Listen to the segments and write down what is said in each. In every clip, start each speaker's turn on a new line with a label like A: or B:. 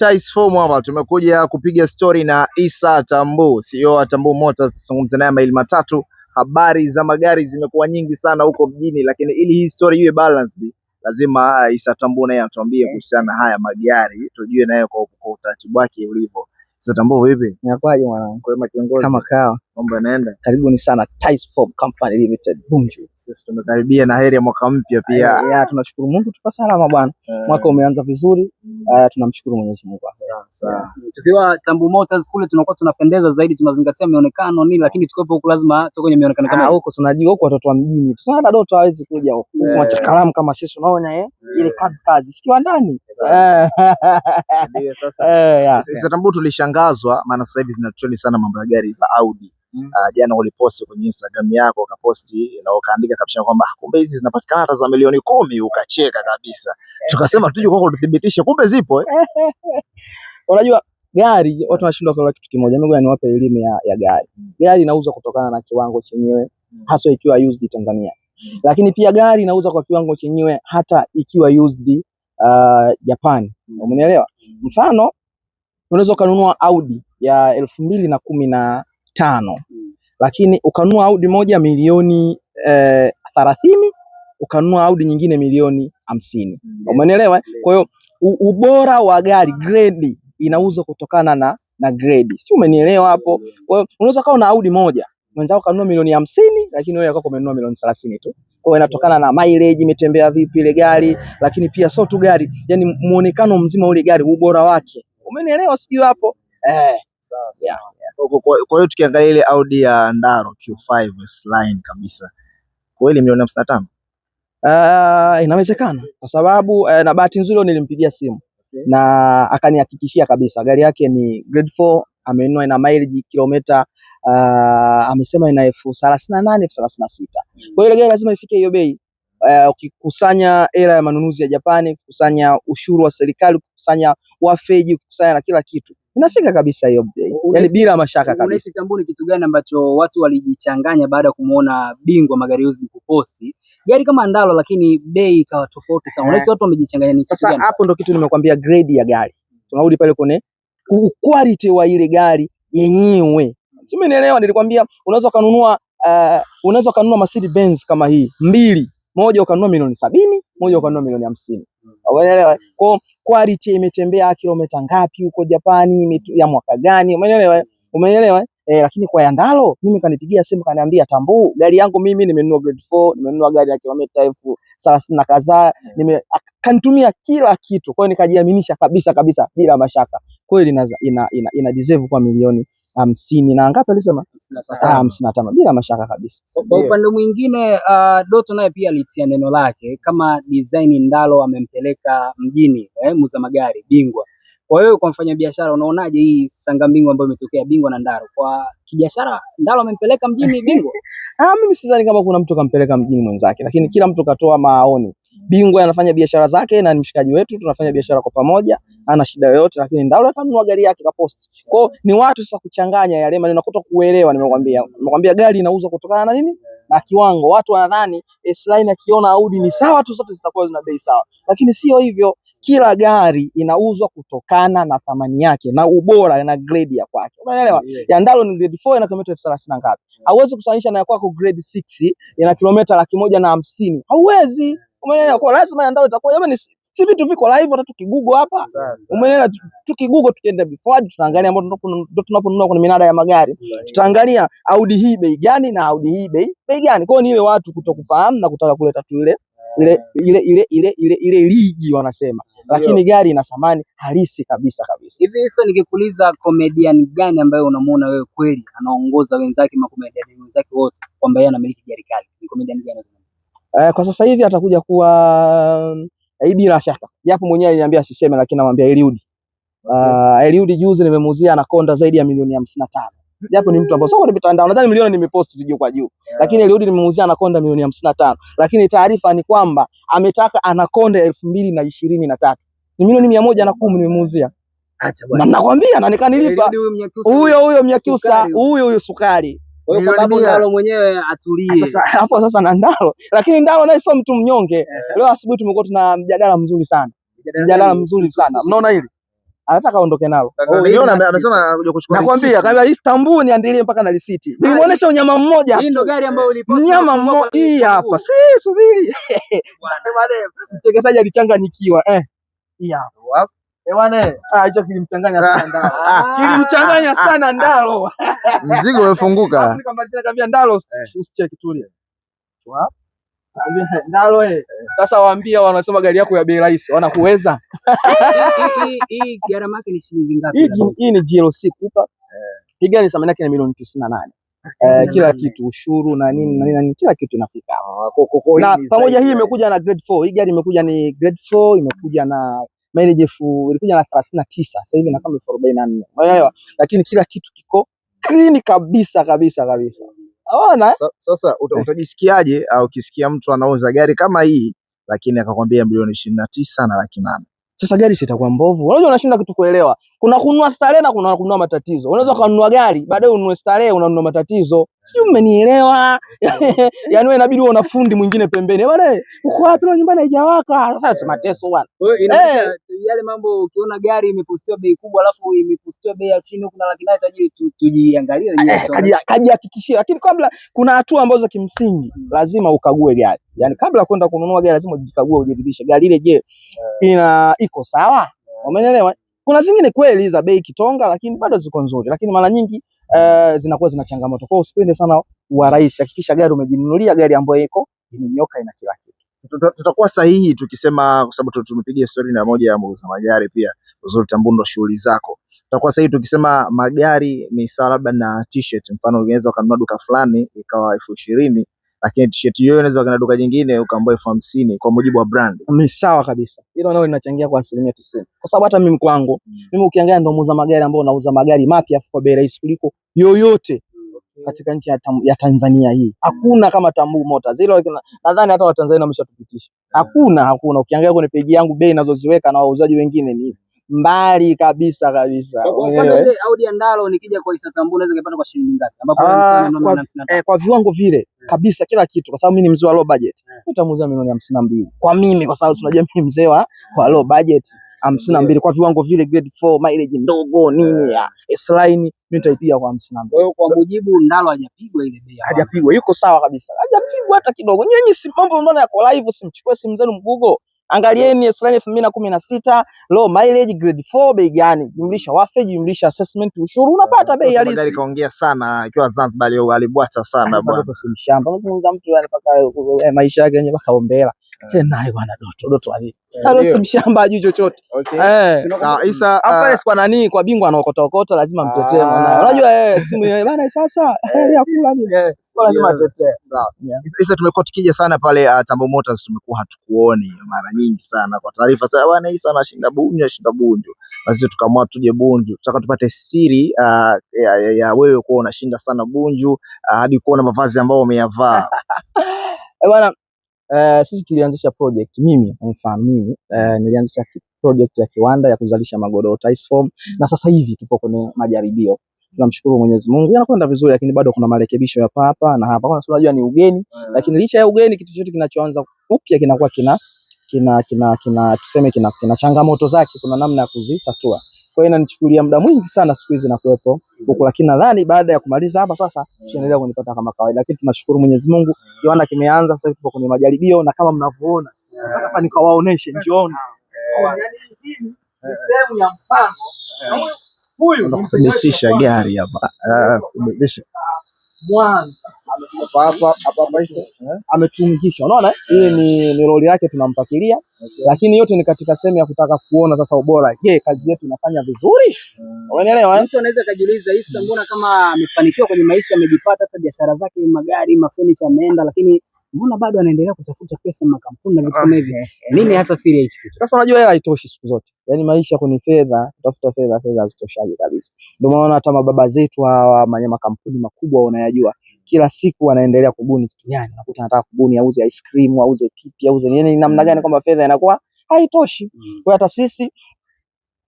A: Mortis Form tumekuja kupiga stori na isa Tambu, CEO wa Tambu Motors. Tuzungumze naye maili matatu. Habari za magari zimekuwa nyingi sana huko mjini, lakini ili hii story iwe balanced, lazima ah, Isa Tambu naye atuambie kuhusiana na haya magari, tujue naye kwa utaratibu wake ulivyo. Isa Tambu, vipi?
B: Inakwaje mwanangu? Kama kawa Mambo yanaenda. Karibuni sana Tice Form Company Limited Bunju. Sisi tumekaribia na heri ya mwaka mpya pia. Ya, tunashukuru Mungu tuko salama bwana. Eh. Mwaka umeanza vizuri. Uh, tunamshukuru Mwenyezi Mungu. Sawa. Tukiwa Tambu Motors kule tunakuwa tunapendeza zaidi, tunazingatia mionekano nini, lakini tukiwepo huko lazima tuko kwenye mionekano kama ah, huko. Tunajua huko watoto wa mjini. Sasa dada doto hawezi kuja huko. Eh. Mwacha kalamu kama sisi unaona eh. eh? Ile kazi kazi. Sikiwa ndani.
A: Ndio sasa. Eh, ya. Sasa Tambu tulishangazwa maana sasa hivi zinatrend sana mambo ya gari za Audi. Mm. Ah, jana uh, uliposti kwenye Instagram yako ukaposti na ukaandika caption kwamba ah, kumbe hizi zinapatikana hata za milioni kumi, ukacheka kabisa. Tukasema tuje kwako tuthibitishe, kumbe zipo. eh.
B: Unajua gari watu wanashindwa kwa kitu kimoja. Mimi ngoja niwape elimu ya, ya gari. Mm. Gari inauzwa kutokana na kiwango chenyewe mm. hasa ikiwa used Tanzania, lakini pia gari inauzwa kwa kiwango chenyewe hata ikiwa used uh, Japan. Umenielewa? Mfano unaweza kununua Audi ya elfu mbili na kumi na tano mm. lakini ukanunua Audi moja milioni eh, thelathini ukanunua Audi nyingine milioni hamsini mm. umeelewa? Mm. Kwa hiyo ubora wa gari grade inauzwa kutokana na na grade, si umenielewa hapo? Kwa hiyo unaweza kuwa na Audi moja mwenzako kanunua milioni hamsini lakini wewe yako umenunua milioni thelathini tu. Kwa hiyo inatokana na mileage, imetembea vipi ile gari, lakini pia sio tu gari, yani muonekano mzima ule gari, ubora wake, umenielewa? Sijui hapo eh, sawa
A: sawa. Kwa hiyo tukiangalia ile Audi ya Ndaro Q5 S-Line kabisa, kweli milioni hamsini na tano
B: uh, inawezekana kwa sababu uh, na bahati nzuri nilimpigia simu okay, na akanihakikishia kabisa gari yake ni grade 4 amenunua ina mileage kilomita uh, amesema ina elfu thelathini na nane elfu thelathini na sita Kwa hiyo ile gari lazima ifike hiyo bei. Eh, ukikusanya uh, hela ya manunuzi ya Japani, ukikusanya ushuru wa serikali, ukikusanya wafeji, ukikusanya na kila kitu inafika kabisa hiyo, yani bila mashaka kabisa. Unahisi Kamboni, kitu gani ambacho watu walijichanganya baada ya kumuona bingwa magari yuzi mkuposti gari kama Ndalo, lakini bei ikawa tofauti sana. Unaisi eh. watu wamejichanganya ni kitu gani? Sasa hapo ndo kitu nimekwambia, grade ya gari, tunarudi pale kwenye quality wa ile gari yenyewe, simenielewa? Nilikwambia unaweza ukanunua, uh, unaweza kununua Mercedes Benz kama hii mbili moja ukanunua milioni sabini, moja ukanunua milioni hamsini. Unaelewa? Kwa quality imetembea kilomita ngapi huko Japani ya mwaka gani? Umeelewa? Umeelewa? E, lakini kwa Yandalo mimi kanipigia simu kaniambia, Tambuu, gari yangu mimi nimenunua grade 4, nimenunua gari ya kilomita elfu thelathini na kadhaa, nime kanitumia kila kitu. Kwa hiyo nikajiaminisha kabisa kabisa bila mashaka kweli ina, ina, ina, ina deserve kwa milioni hamsini na ngapi alisema? hamsini na tano bila mashaka kabisa. Kwa upande mwingine uh, Doto naye pia alitia neno lake kama design Ndalo amempeleka mjini eh, muza magari bingwa. Kwa hiyo kwa mfanyabiashara unaonaje hii sanga mbingo ambayo imetokea bingwa na Ndaro? Kwa kibiashara Ndaro amempeleka mjini bingwa? Ah, mimi sidhani kama kuna mtu kampeleka mjini mwenzake, lakini kila mtu katoa maoni bingwa anafanya biashara zake na ni mshikaji wetu, tunafanya biashara kwa pamoja, ana shida yoyote, lakini Ndaro atanunua gari yake kwa post. Kwa ni watu sasa kuchanganya yale maneno nakuta kuelewa. Nimekwambia, nimekwambia gari inauzwa kutokana na nini na kiwango. Watu wanadhani eh, S-Line akiona Audi ni sawa tu, zote zitakuwa zina bei sawa, lakini sio hivyo kila gari inauzwa kutokana na thamani yake na ubora na grade ya kwake, unaelewa? yeah. Yandalo ni grade 4 ina kilomita elfu thelathini na ngapi? Hauwezi kusanisha na ya kwako grade 6 ina kilomita laki moja na hamsini, hauwezi. Umeelewa? Kwa lazima Yandalo itakuwa yaani si vitu viko live, hata tukigugo hapa, umeona, Tukigugo tukienda before, tutaangalia ambao ndio tunaponunua kwenye minada ya magari, tutaangalia Audi hii bei gani na Audi hii bei bei gani. Kwa hiyo ni ile watu kutokufahamu na kutaka kuleta tu ile eh. ile ile ile ile ile ile ligi wanasema, lakini gari ina thamani halisi kabisa kabisa. Hivi sasa nikikuuliza, comedian gani ambaye unamuona wewe kweli anaongoza wenzake ma comedian wenzake wote kwamba yeye anamiliki gari kali, ni comedian gani? Eh, kwa sasa hivi atakuja kuwa Eh, hii bila shaka, japo mwenyewe aliniambia asiseme, lakini namwambia Eliudi. Uh, ah, mm. Eliudi juzi nimemuuzia anakonda zaidi ya milioni hamsini na tano japo ni mtu ambaye soko kwenye nadhani milioni nimepost tu kwa juu, Yeah. lakini Eliudi nimemuuzia anakonda milioni hamsini na tano lakini taarifa ni kwamba ametaka anakonda elfu mbili na ishirini na tatu ni milioni mia moja na kumi nimemuuzia na nakwambia, na nikanilipa huyo huyo Mnyakyusa huyo huyo Sukari kwa hiyo sababu Ndalo mwenyewe atulie. Ah, sasa hapo sasa na Ndalo, lakini Ndalo naye sio mtu mnyonge yeah. Leo asubuhi tumekuwa tuna mjadala mzuri sana, mjadala mzuri sana mnaona hili anataka aondoke nalo. Unaona oh, amesema anakuja kuchukua. Nakwambia kabla Istanbul niandilie mpaka na risiti. Nimuonesha unyama mmoja. Hii ndo gari ambayo ulipo. Nyama mmoja hii hapa. Si subiri. Mtekesaji alichanganyikiwa eh. Hii hapa. Eh, ah, hicho kilimchanganya sana Ndaro, kilimchanganya sana Ndaro,
A: mzigo umefunguka.
B: Yaani Ndaro, eh. eh. Sasa waambia wanasema gari yako ya bei rahisi, wanakuweza hii. ni shilingi GLC Cooper, hii gari thamani yake ni milioni tisini na nane. Uh, kila kitu ushuru na mm. nini na nini, kila kitu inafika ah, na pamoja. Hii imekuja na grade 4, hii gari imekuja ni grade 4, imekuja na mileage ilikuja na 39 sasa hivi na kama elfu 44 unaelewa, lakini kila kitu kiko clean kabisa kabisa kabisa. Unaona eh?
A: sasa, eh. utajisikiaje au ukisikia mtu anauza gari kama hii lakini akakwambia milioni ishirini na tisa na laki nane?
B: Sasa gari sitakuwa mbovu. Unajua unashinda kitu kuelewa. Kuna kununua starehe na kuna kununua matatizo. Unaweza kununua gari, baadaye ununue starehe, unanunua matatizo. Sijui mmenielewa. Yani wewe inabidi uwe na fundi mwingine pembeni. Bwana, uko wapi Na nyumbani haijawaka? Sasa si mateso bwana. Eh. yale mambo ukiona gari imepostiwa bei kubwa alafu imepostiwa bei ya chini kuna laki nane tajiri tujiangalie hiyo. Eh, Kajihakikishia. Lakini kabla kuna hatua ambazo kimsingi mm. lazima ukague gari. Yani kabla kwenda kununua gari lazima ujikague, ujiridhishe gari ile, je, eh. ina iko sawa? Eh. Umeelewa? Kuna zingine kweli za bei kitonga, lakini bado ziko nzuri, lakini mara nyingi uh, zinakuwa zina changamoto. Kwa hiyo usipende sana wa urahisi, hakikisha gari umejinunulia gari ambayo iko imenyoka, ina kila kitu.
A: Tutakuwa sahihi tukisema, kwa sababu tumepiga story na moja ya muuza magari pia uzuri Tambundo, shughuli zako, tutakuwa sahihi tukisema magari ni sawa labda na t-shirt. Mfano unaweza ukanunua duka fulani ikawa elfu ishirini lakini t-shirt hiyo inaweza kana duka jingine ukaambia elfu hamsini kwa mujibu wa brand.
B: Ni sawa kabisa, hilo nalo linachangia kwa asilimia tisini kwa sababu hata mimi kwangu mm. mimi ukiangalia ndo muuza magari ambao nauza magari mapya kwa bei rahisi kuliko yoyote mm. katika nchi ya, ya Tanzania hii hakuna kama Tambuu Motors. Hilo nadhani hata Watanzania wameshatupitisha. Hakuna, hakuna. Ukiangalia kwenye peji yangu bei nazoziweka na wauzaji wengine ni mbali kabisa kabisa. Eh? Audi Andalo nikija kwa Isa Tambuu naweza kupata kwa shilingi ngapi? Ambapo ah, eh, kwa viwango vile eh. kabisa kila kitu, kwa sababu mimi ni mzee wa low budget, eh. nitamuuza milioni hamsini na mbili kwa mimi, kwa sababu tunajua mimi mzee wa low budget hamsini na mbili kwa viwango vile, grade 4 mileage ndogo nini ya S-line nitaipiga kwa hamsini na mbili. Kwa hiyo kwa mujibu Ndalo hajapigwa ile bei, hajapigwa, yuko sawa kabisa, hajapigwa hata kidogo. Nyinyi si mambo mbona yako live, simchukue simu zenu mgugo Angalieni Islani elfu na kumi na sita low mileage grade 4 bei gani? Jumlisha wafe, jumlisha assessment, ushuru unapata bei halisi.
A: Gari kaongea sana ikiwa Zanzibar alibwata sana
B: bwana. Mtu anapaka eh, maisha yake yenyewe baka ombela tena hai bwana Doto. Doto ali eh, si mshamba ajui chochote.
A: Eh, sawa Isa
B: hapa uh, kwa nani kwa bingwa anaokota okota lazima mtetee ah. mwana. Unajua eh simu yeye bwana sasa eh, eh yakula ni. Kwa eh, lazima tetee. Sawa.
A: Isa tumekuwa tukija sana pale uh, Tambo Motors tumekuwa hatukuoni mara nyingi sana kwa taarifa sasa bwana Isa anashinda Bunju anashinda bunjo. Basi sisi tuje Bunju. Tutaka tupate siri uh, ya, ya, ya wewe kuwa unashinda sana Bunju hadi uh, kuona mavazi ambayo umeyavaa.
B: Eh bwana Uh, sisi tulianzisha project mimi kwa mfano mimi uh, nilianzisha project ya kiwanda ya kuzalisha magodoro Form mm -hmm. na sasa hivi tupo kwenye majaribio tunamshukuru Mwenyezi Mungu, yanakwenda vizuri, lakini bado kuna marekebisho ya hapa na hapa, kwa sababu unajua ni ugeni, eh. lakini licha ya ugeni, kitu chochote kinachoanza upya kinakuwa kina kina kina kina tuseme kina, kina changamoto zake, kuna namna ya kuzitatua. Kwa hiyo inanichukulia muda mwingi sana siku hizi na kuwepo huko, lakini nadhani baada ya kumaliza hapa sasa tunaendelea kunipata kama kawaida, lakini tunashukuru Mwenyezi Mungu. kiwanda kimeanza sasa, tupo kwenye majaribio na kama mnavyoona, nataka sasa nikawaoneshe, njooni sehemu ya mpango
A: huyu, kuthibitisha gari hapa ah, kuthibitisha
B: Mwanza eh? ametungisha unaona hii ni, ni roli yake tunampakilia, okay. Lakini yote ni katika sehemu ya kutaka kuona sasa ubora. Je, kazi yetu inafanya vizuri? Hmm. Unaelewa, mtu eh? anaweza kajiuliza hisa, mbona kama amefanikiwa kwenye maisha, amejipata hata biashara zake, magari, mafenicha ameenda, lakini Unaona bado anaendelea kutafuta pesa makampuni na vitu kama ah. hivyo? Nini hasa siri hichi Sasa unajua hela haitoshi siku zote, yaani maisha kwenye fedha, kutafuta fedha, fedha hazitoshaji kabisa. Ndio maana hata mababa zetu hawa manyama makampuni makubwa unayajua, kila siku wanaendelea kubuni kitu gani, unakuta anataka kubuni auze ice cream, auze pipi, auze nini, yaani namna gani, kwamba fedha inakuwa haitoshi. Mm. Kwa hata sisi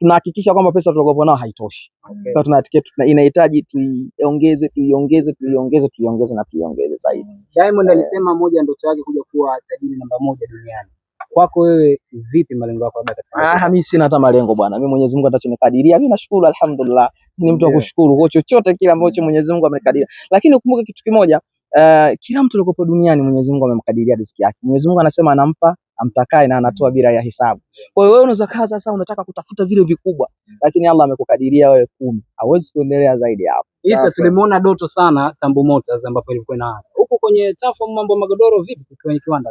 B: tunahakikisha kwamba pesa tunakuwa nayo haitoshi. Okay. Kwa tuna tiketi inahitaji tuiongeze tuiongeze tuiongeze tuiongeze na tuiongeze zaidi. Mm. Diamond alisema moja ndoto yake kuja kuwa tajiri namba moja duniani. Kwako wewe vipi malengo yako baada ya katika? Ah, mimi sina hata malengo bwana. Mimi Mwenyezi Mungu atachonikadiria. Mimi nashukuru alhamdulillah. Ni mtu wa kushukuru kwa chochote kile ambacho mm. Mwenyezi Mungu amekadiria. Lakini ukumbuke kitu kimoja, uh, kila mtu aliyepo duniani Mwenyezi Mungu amemkadiria riziki yake. Mwenyezi Mungu anasema anampa amtakaye na anatoa mm. bila ya hisabu. Kwa hiyo wewe unaweza kaa sasa unataka kutafuta vile vikubwa, mm. lakini Allah amekukadiria wewe kumi, hawezi kuendelea zaidi hapo. Isa nimeona Doto sana Tambo Motors ambapo ilikuwa inaanza huko kwenye tafu mambo magodoro vipi kwenye kiwanda,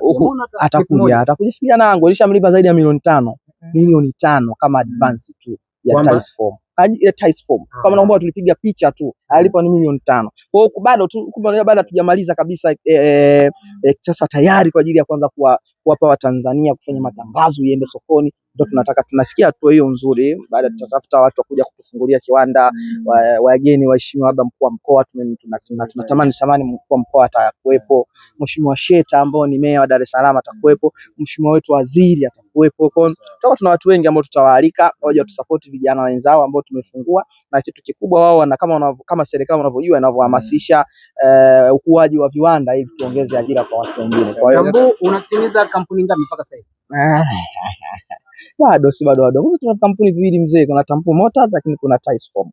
B: atakuja atakuja sikia nangu, ilishamlipa zaidi ya milioni tano mm. milioni tano kama advance tu ya Tice Form ah. kama naomba tulipiga picha tu alipo ni milioni tano. Kwa hiyo bado tu bado hatujamaliza kabisa, e, e, sasa tayari kwa ajili ya kuanza kuwa kuwapa Watanzania kufanya matangazo iende sokoni, ndio tunataka tunafikia hatua hiyo nzuri. Baada tutatafuta watu wakuja kutufungulia kiwanda, mm. wageni wa, waheshimiwa, labda mkuu wa mkoa, tunatamani samani mkuu wa mkoa atakuwepo, mheshimiwa Sheta ambao ni meya wa Dar es Salaam atakuwepo, mheshimiwa wetu waziri atakuwepo. Kwa hiyo tuna watu wengi ambao tutawaalika waje watusapoti vijana wenzao ambao tumefungua, na kitu kikubwa wao wana kama kama serikali wanavyojua inavyohamasisha uh, ukuaji wa viwanda ili tuongeze ajira kwa watu wengine. Kwa hiyo Mbu, unatimiza kampuni ngapi mpaka sasa hivi? Bado si bado wadogo, tuna kampuni viwili mzee, kuna Tampu Motors lakini kuna Tisform.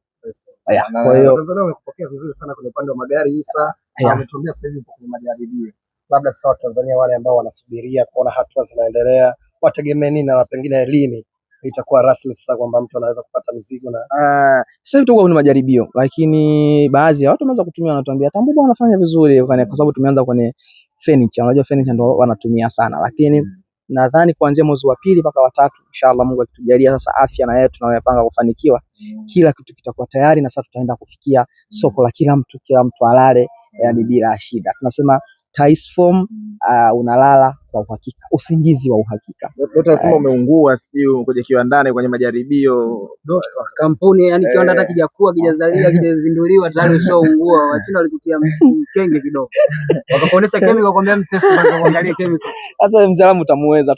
B: Kwa hiyo Tanzania wamepokea vizuri sana kwenye upande wa magari Isa, ametuambia sasa hivi kwenye majaribio. Labda sasa Watanzania wale ambao wanasubiria kuona hatua zinaendelea wategemee nini na pengine lini itakuwa rasmi sasa kwamba mtu anaweza kupata mizigo na uh, sasa tutakuwa kuna majaribio, lakini baadhi ya watu wanaweza kutumia, wanatuambia Tambu wanafanya anafanya vizuri, kwa sababu tumeanza kwenye furniture. Unajua furniture ndio wanatumia sana, lakini mm, nadhani kuanzia mwezi wa pili mpaka watatu, inshallah Mungu akitujalia sasa afya na yeye tunayopanga kufanikiwa, mm, kila kitu kitakuwa tayari na sasa tutaenda kufikia mm. soko la kila mtu, kila mtu alale yani bila shida. Tunasema form uh, unalala kwa uhakika, usingizi wa uhakika. Dkt. anasema eh. umeungua, sio kwenye kiwandani, kwenye majaribio, kampuni yani eh. kiwanda hata kijakuwa kijazalia kijazinduliwa tayari ushaungua. Wachina walikutia mkenge kidogo, wakakuonesha chemical, kwambia mtesi, angalie chemical. Sasa mzalamu utamuweza,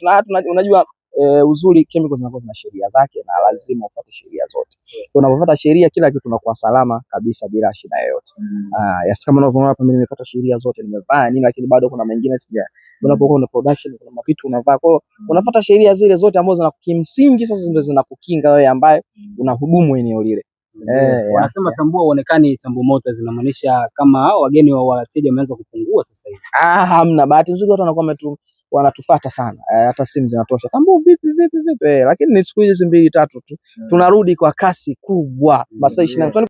B: unajua e, uzuri chemicals zinakuwa zina sheria zake na lazima ufuate sheria zote. Kwa unapofuata sheria kila kitu unakuwa salama kabisa bila shida yoyote. Mm. Ah, yes, kama unavyoona hapa mimi nimefuata sheria zote, nimevaa nini lakini bado kuna mengine sija. Mm. Unapokuwa una production kuna mapitu unavaa. Kwa hiyo mm. unafuata sheria zile zote ambazo zina kimsingi sasa ndio zinakukinga wewe ambaye unahudumu eneo lile. Mm. Eh, wanasema yeah, tambua uonekane tambo moto, zinamaanisha kama wageni wa wateja wameanza kupungua sasa hivi. Ah, hamna bahati nzuri watu wanakuwa wametu wanatufata sana, eh, hata simu zinatosha tambo vipi vipi vipi, eh, lakini ni siku hizi mbili tatu tu eh. tunarudi kwa kasi kubwa masaa ishirini